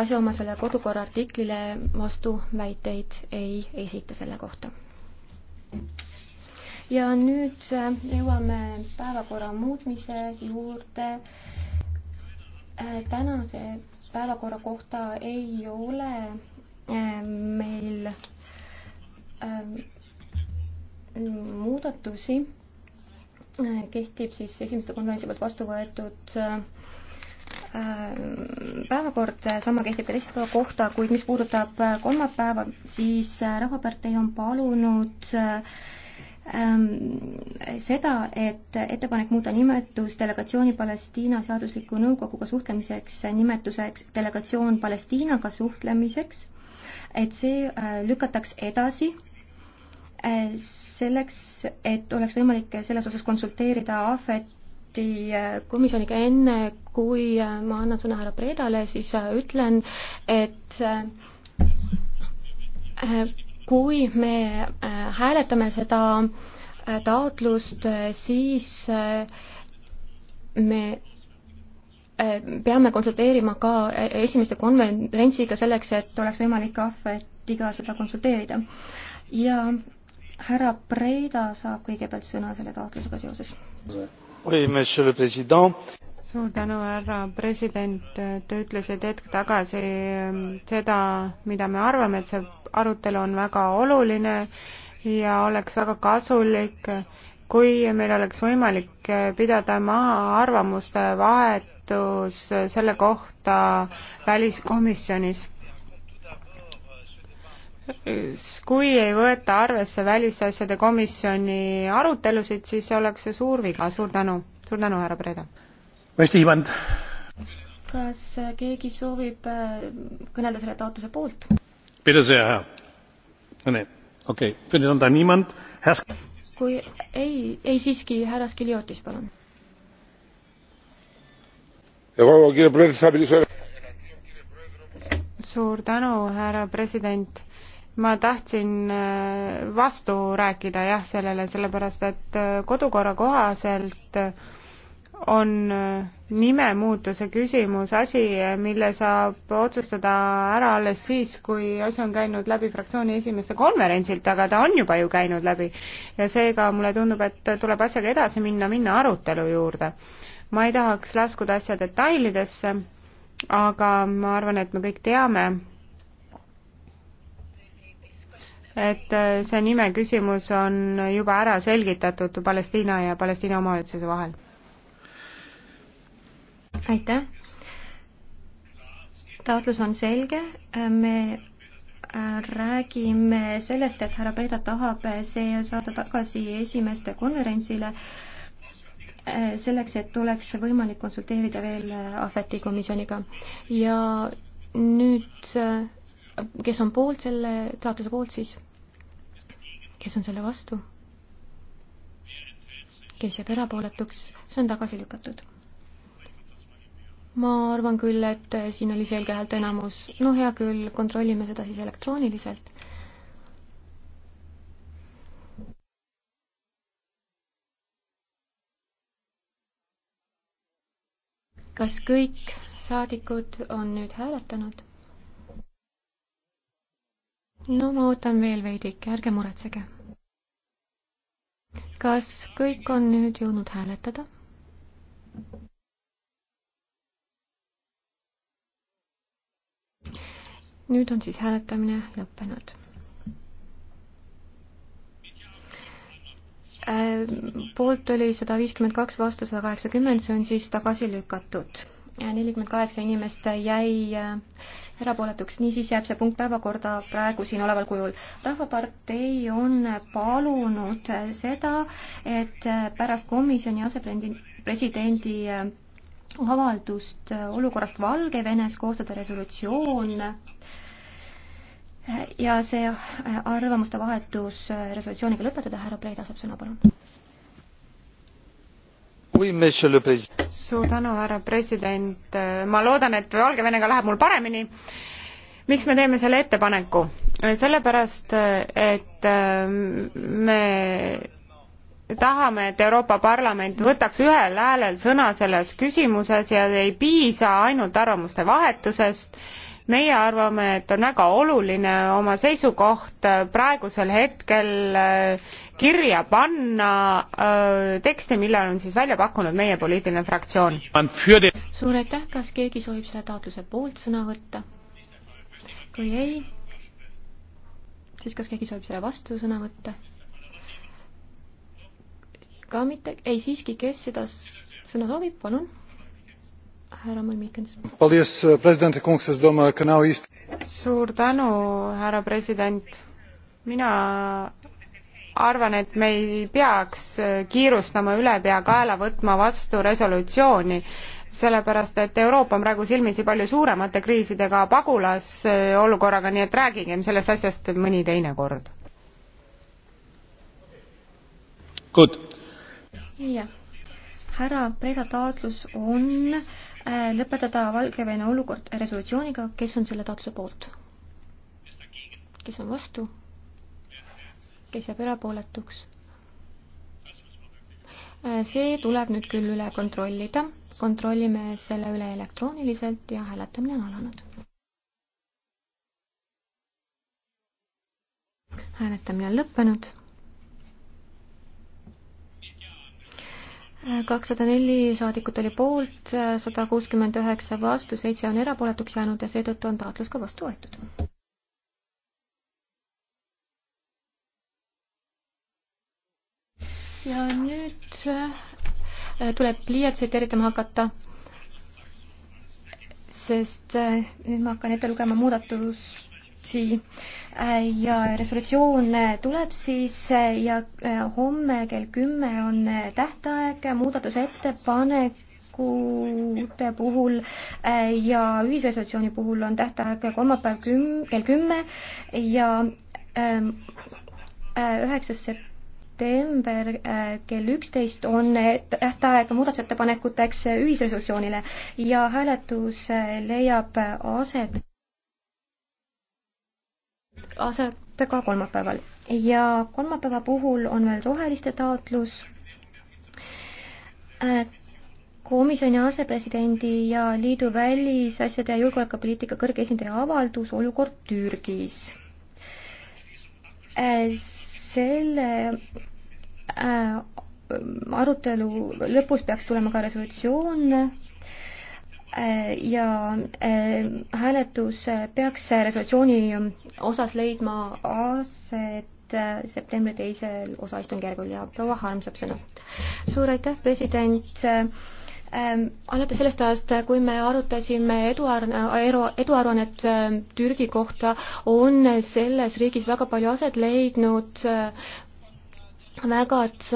asjaomasele kodukorra artiklile vastuväiteid ei esita selle kohta. ja nüüd äh, jõuame päevakorra muutmise juurde. Äh, tänase päevakorra kohta ei ole äh, meil ähm, muudatusi kehtib siis esimeste konverentsi poolt vastu võetud päevakord, sama kehtib ka teisipäeva kohta, kuid mis puudutab äh, kolmapäeva, siis äh, Rahvapartei on palunud äh, ähm, seda, et ettepanek muuta nimetus delegatsiooni Palestiina seadusliku nõukoguga suhtlemiseks nimetuseks delegatsioon Palestiinaga suhtlemiseks, et see lükataks edasi selleks, et oleks võimalik selles osas konsulteerida AFET debatti äh, komisjoniga enne, kui äh, ma annan sõna härra Predale, siis äh, ütlen, et kui me hääletame seda taotlust, siis me peame konsulteerima ka esimeste konverentsiga selleks, et oleks võimalik Asfaltiga seda konsulteerida. ja härra Preida saab kõigepealt sõna selle taotlusega seoses suur tänu, härra president, te ütlesite hetk tagasi ähm, seda, mida me arvame, et see arutelu on väga oluline ja oleks väga kasulik, kui meil oleks võimalik pidada maha arvamuste vahetus selle kohta väliskomisjonis kui ei võeta arvesse välisasjade komisjoni arutelusid, siis oleks see suur viga, suur tänu, suur tänu, härra Preda. kas keegi soovib äh, kõnelda selle taotluse poolt? kui ei, ei siiski, härra Skiliotis, palun. suur tänu, härra president ma tahtsin äh, vastu rääkida jah sellele, sellepärast et äh, kodukorra kohaselt on äh, nimemuutuse küsimus asi, mille saab otsustada ära alles siis, kui asi on käinud läbi fraktsiooni esimeeste konverentsilt, aga ta on juba ju käinud läbi. ja seega mulle tundub, et tuleb asjaga edasi minna, minna arutelu juurde. ma ei tahaks laskuda asja detailidesse, aga ma arvan, et me kõik teame, et äh, see nime küsimus on juba ära selgitatud Palestiina ja Palestiina omavalitsuse vahel. aitäh. taotlus on selge, me äh, räägime sellest, et härra Preda tahab äh, see saada tagasi esimeste konverentsile selleks, et oleks võimalik konsulteerida veel ahvetikomisjoniga ja nüüd kes on poolt selle taotluse poolt siis? kes on selle vastu? kes jääb erapooletuks, see on tagasi lükatud. ma arvan küll, et siin oli selge häälteenamus, no hea küll, kontrollime seda siis elektrooniliselt. kas kõik saadikud on nüüd hääletanud? no ma ootan veel veidike, ärge muretsege. kas kõik on nüüd jõudnud hääletada? nüüd on siis hääletamine lõppenud. Äh, poolt oli sada viiskümmend kaks, vastu sada kaheksakümmend, see on siis tagasi lükatud. Äh, nelikümmend kaheksa inimest jäi äh, erapooletuks, niisiis jääb see punkt päevakorda praegu siin oleval kujul. rahvapartei on palunud seda, et pärast komisjoni asepresidendi äh, avaldust äh, olukorrast Valgevenes koostada resolutsioon äh, ja see arvamuste vahetus resolutsiooniga lõpetada, härra Preida saab sõna, palun suur tänu, härra president. ma loodan, et Valgevenega läheb mul paremini miks me teeme selle ettepaneku? sellepärast, et ähm, me tahame, et Euroopa Parlament võtaks ühel häälel sõna selles küsimuses ja ei piisa ainult arvamuste vahetusest. meie arvame, et on väga oluline oma seisukoht praegusel hetkel äh, kirja panna öö, äh, tekste, mille on siis välja pakkunud meie poliitiline fraktsioon. suur aitäh, kas keegi soovib selle taotluse poolt sõna võtta? kui ei, siis kas keegi soovib selle vastu sõna võtta? ka mitte, ei siiski, kes seda sõna soovib, palun. härra Malmikens. Äh, suur tänu, härra president. mina arvan, et me ei peaks kiirustama ülepeakaela võtma vastu resolutsiooni, sellepärast et Euroopa on praegu silmitsi palju suuremate kriisidega, pagulasolukorraga, nii et räägigem sellest asjast mõni teine kord. jah, härra Preda taotlus on äh, lõpetada Valgevene olukord resolutsiooniga, kes on selle taotluse poolt? kes on vastu? kes jääb erapooletuks. Äh, see tuleb nüüd küll üle kontrollida, kontrollime selle üle elektrooniliselt ja hääletamine on alanud. hääletamine on lõppenud. Äh, kakssada neli saadikut oli poolt, äh, sada kuuskümmend üheksa vastu, seitse on erapooletuks jäänud ja seetõttu on taotlus ka vastu võetud. ja nüüd äh, tuleb pliiatsi tervitama hakata, sest äh, nüüd ma hakkan ette lugema muudatusi äh, ja resolutsioon tuleb siis ja homme kell kümme on tähtaeg muudatusettepanek kuude puhul ja ühisresolutsiooni puhul on tähtaeg kolmapäev küm-, kell kümme ja üheksas ähm, äh, sept-, september äh, kell üksteist on tähtaeg muudatusettepanekuteks ühisresolutsioonile ja hääletus äh, leiab aset aset ka kolmapäeval ja kolmapäeva puhul on veel roheliste taotlus äh, komisjoni asepresidendi ja liidu välisasjade ja julgeolekupoliitika kõrge esindaja avaldus olukord Türgis selle äh, arutelu lõpus peaks tulema ka resolutsioon äh, ja äh, hääletus peaks resolutsiooni osas leidma aset septembri teisel osaistungjärgul ja proua Harm saab sõna. suur aitäh, president Ähm, alates sellest ajast, kui me arutasime eduaruanne, äh, eduaruannet ähm, Türgi kohta, on selles riigis väga palju aset leidnud äh, vägad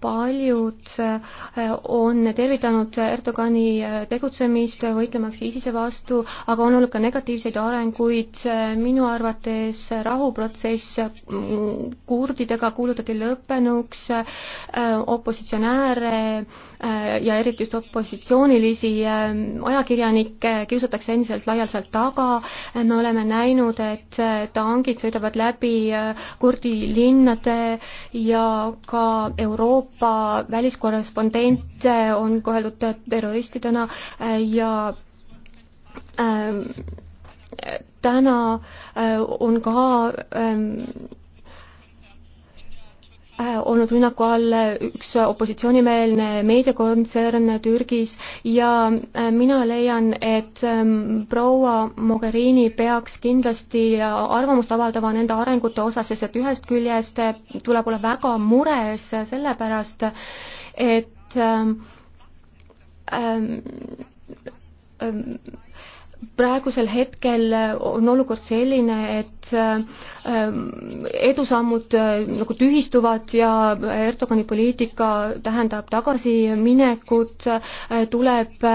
paljud eh, on tervitanud Erdogani eh, tegutsemist eh, võitlemaks ISISe vastu, aga on olnud ka negatiivseid arenguid. minu arvates rahuprotsess kurdidega kuulutati lõppenuks, opositsionääre ja eriti just opositsioonilisi ajakirjanikke kiusatakse endiselt laialdaselt taga. me oleme näinud, et tangid sõidavad läbi kurdi linnade ja ka Euroopa Euroopa väliskorrespondente on koheldud terroristidena äh, ja ähm, täna äh, on ka ähm, Äh, olnud rünnaku all üks opositsioonimeelne meediakontsern Türgis ja äh, mina leian, et ähm, proua Mogherini peaks kindlasti äh, arvamust avaldama nende arengute osas, sest et ühest küljest tuleb olla väga mures selle pärast, et ähm, ähm, praegusel hetkel on olukord selline, et äh, edusammud äh, nagu tühistuvad ja Erdogani poliitika tähendab tagasiminekut, äh, tuleb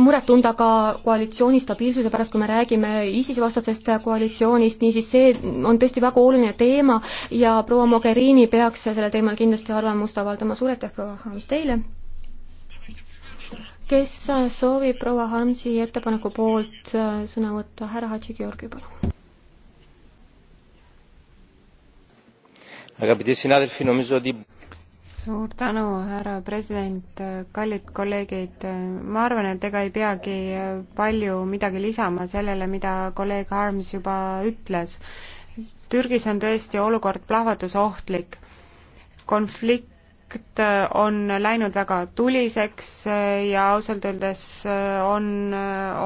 muret tunda ka koalitsiooni stabiilsuse pärast, kui me räägime ISIS-vastasest koalitsioonist, niisiis see on tõesti väga oluline teema ja proua Mogherini peaks sellel teemal kindlasti arvamust avaldama, suur aitäh, proua Harms, teile! kes äh, soovib proua Harmsi ettepaneku poolt äh, sõna võtta? härra Hadži-Georgi, palun. suur tänu, härra president, kallid kolleegid. ma arvan, et ega ei peagi palju midagi lisama sellele, mida kolleeg Harms juba ütles. Türgis on tõesti olukord plahvatusohtlik konflikt projekt äh, on läinud väga tuliseks äh, ja ausalt öeldes äh, on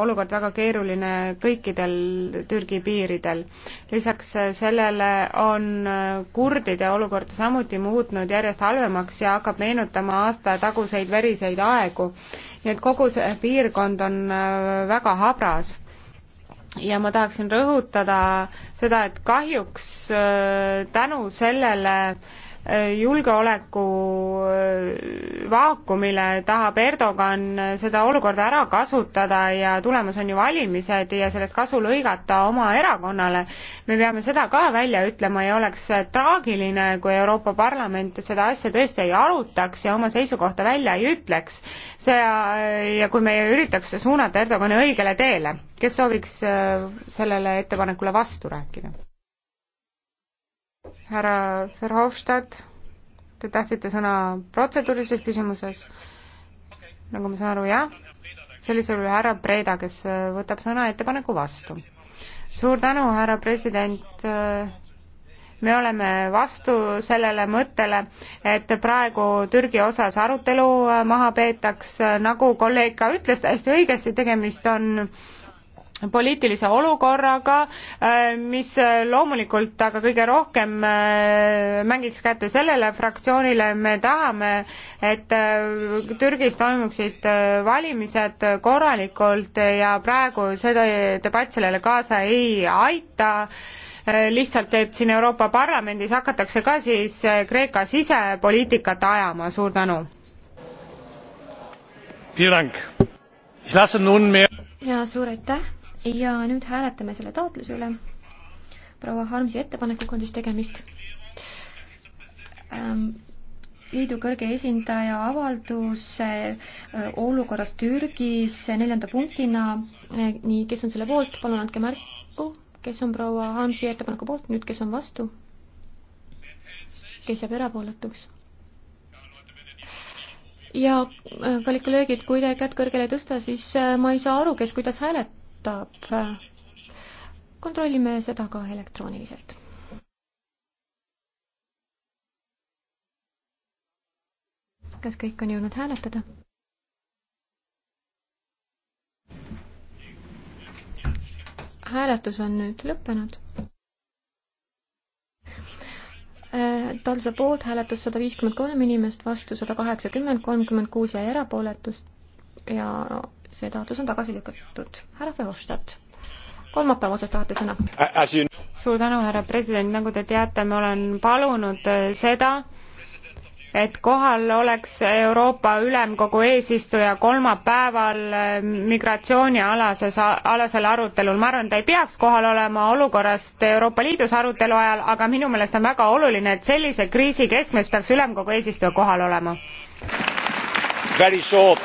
olukord väga keeruline kõikidel Türgi piiridel. lisaks sellele on kurdide olukord samuti muutnud järjest halvemaks ja hakkab meenutama aastataguseid veriseid aegu. nii et kogu see piirkond on väga habras ja ma tahaksin rõhutada seda, et kahjuks tänu sellele äh, julgeoleku äh, vaakumile tahab Erdogan seda olukorda ära kasutada ja tulemas on ju valimised ja sellest kasu lõigata oma erakonnale. me peame seda ka välja ütlema ja oleks traagiline, kui Euroopa Parlament seda asja tõesti ei arutaks ja oma seisukohta välja ei ütleks. see äh, ja kui me üritaks suunata Erdogani õigele teele, kes sooviks äh, sellele ettepanekule vastu rääkida? härra Verhofstadt, te tahtsite sõna protseduurilises küsimuses? nagu ma saan aru, jah. sellisel juhul härra Preda, kes äh, võtab sõna ettepaneku vastu. suur tänu, härra president me oleme vastu sellele mõttele, et praegu Türgi osas arutelu äh, maha peetaks, nagu kolleeg ka ütles täiesti õigesti, tegemist on äh, poliitilise olukorraga, äh, mis loomulikult aga kõige rohkem äh, mängiks kätte sellele fraktsioonile, me tahame, et äh, Türgis toimuksid valimised korralikult ja praegu see debatt sellele kaasa ei aita lihtsalt, et siin Euroopa Parlamendis hakatakse ka siis Kreeka sisepoliitikat ajama, suur tänu. ja suur aitäh ja nüüd hääletame selle taotluse üle. proua Harmsi ettepanekuga on siis tegemist ähm, liidu kõrge esindaja avalduse äh, olukorras Türgis neljanda punktina. Äh, nii, kes on selle poolt, palun andke märku, kes on proua Harmsi ettepaneku poolt, nüüd kes on vastu? kes jääb erapooletuks? ja äh, kallid kolleegid, kui te kätt kõrgele ei tõsta, siis ma ei saa aru, kes kuidas hääletab puudutab, kontrollime seda ka elektrooniliselt. kas kõik on jõudnud hääletada? hääletus on nüüd lõppenud äh, Talse poolt hääletas sada viiskümmend kolm inimest, vastu sada kaheksakümmend, kolmkümmend kuus jäi erapooletust ja see taotlus on tagasi lükatud. härra Verhofstadt, kolmapäeva osas tahate sõna? suur tänu, härra president, nagu te teate, ma olen palunud äh, seda, et kohal oleks Euroopa Ülemkogu eesistuja kolmapäeval äh, migratsioonialases, alasel arutelul. ma arvan, ta ei peaks kohal olema olukorrast Euroopa Liidus arutelu ajal, aga minu meelest on väga oluline, et sellise kriisi keskmes peaks Ülemkogu eesistuja kohal olema. Very short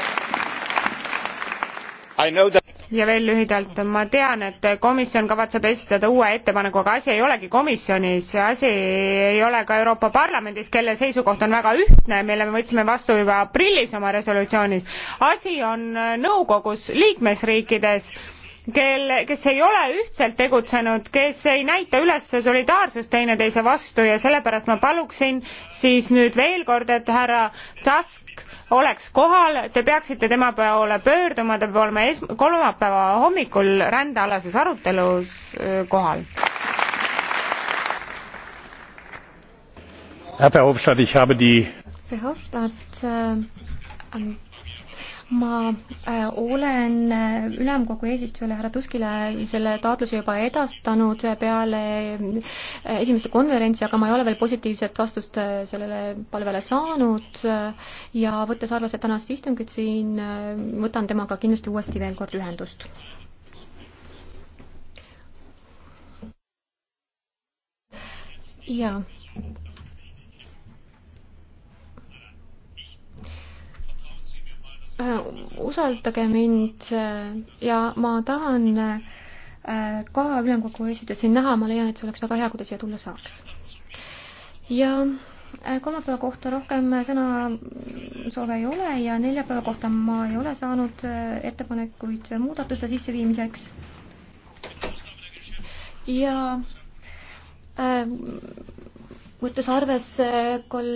ja veel lühidalt, ma tean, et komisjon kavatseb esitada uue ettepaneku, aga asi ei olegi komisjonis, asi ei ole ka Euroopa Parlamendis, kelle seisukoht on väga ühtne, mille me võtsime vastu juba aprillis oma resolutsioonis. asi on nõukogus liikmesriikides kel, kes ei ole ühtselt tegutsenud, kes ei näita üles solidaarsust teineteise vastu ja sellepärast ma paluksin siis nüüd veel kord, et härra Tusk oleks kohal, te peaksite tema poole pöörduma, ta peab olema es-, kolmapäeva hommikul rändealases arutelus kohal. härra Verhofstadt, ma äh, olen äh, ülemkogu eesistujale härra Tuskile selle taotluse juba edastanud peale äh, esimeste konverentsi, aga ma ei ole veel positiivset vastust sellele palvele saanud ja võttes arvesse tänast istungit siin, võtan temaga kindlasti uuesti veel kord ühendust. jaa Äh, usaldage mind äh, ja ma tahan äh, ka ülemkogu esitada siin näha, ma leian, et see oleks väga hea, kui ta siia tulla saaks. ja kolmapäeva kohta rohkem sõnasoove mm, ei ole ja neljapäeva kohta ma ei ole saanud ettepanekuid muudatuste sisseviimiseks. ja võttes arvesse kol-.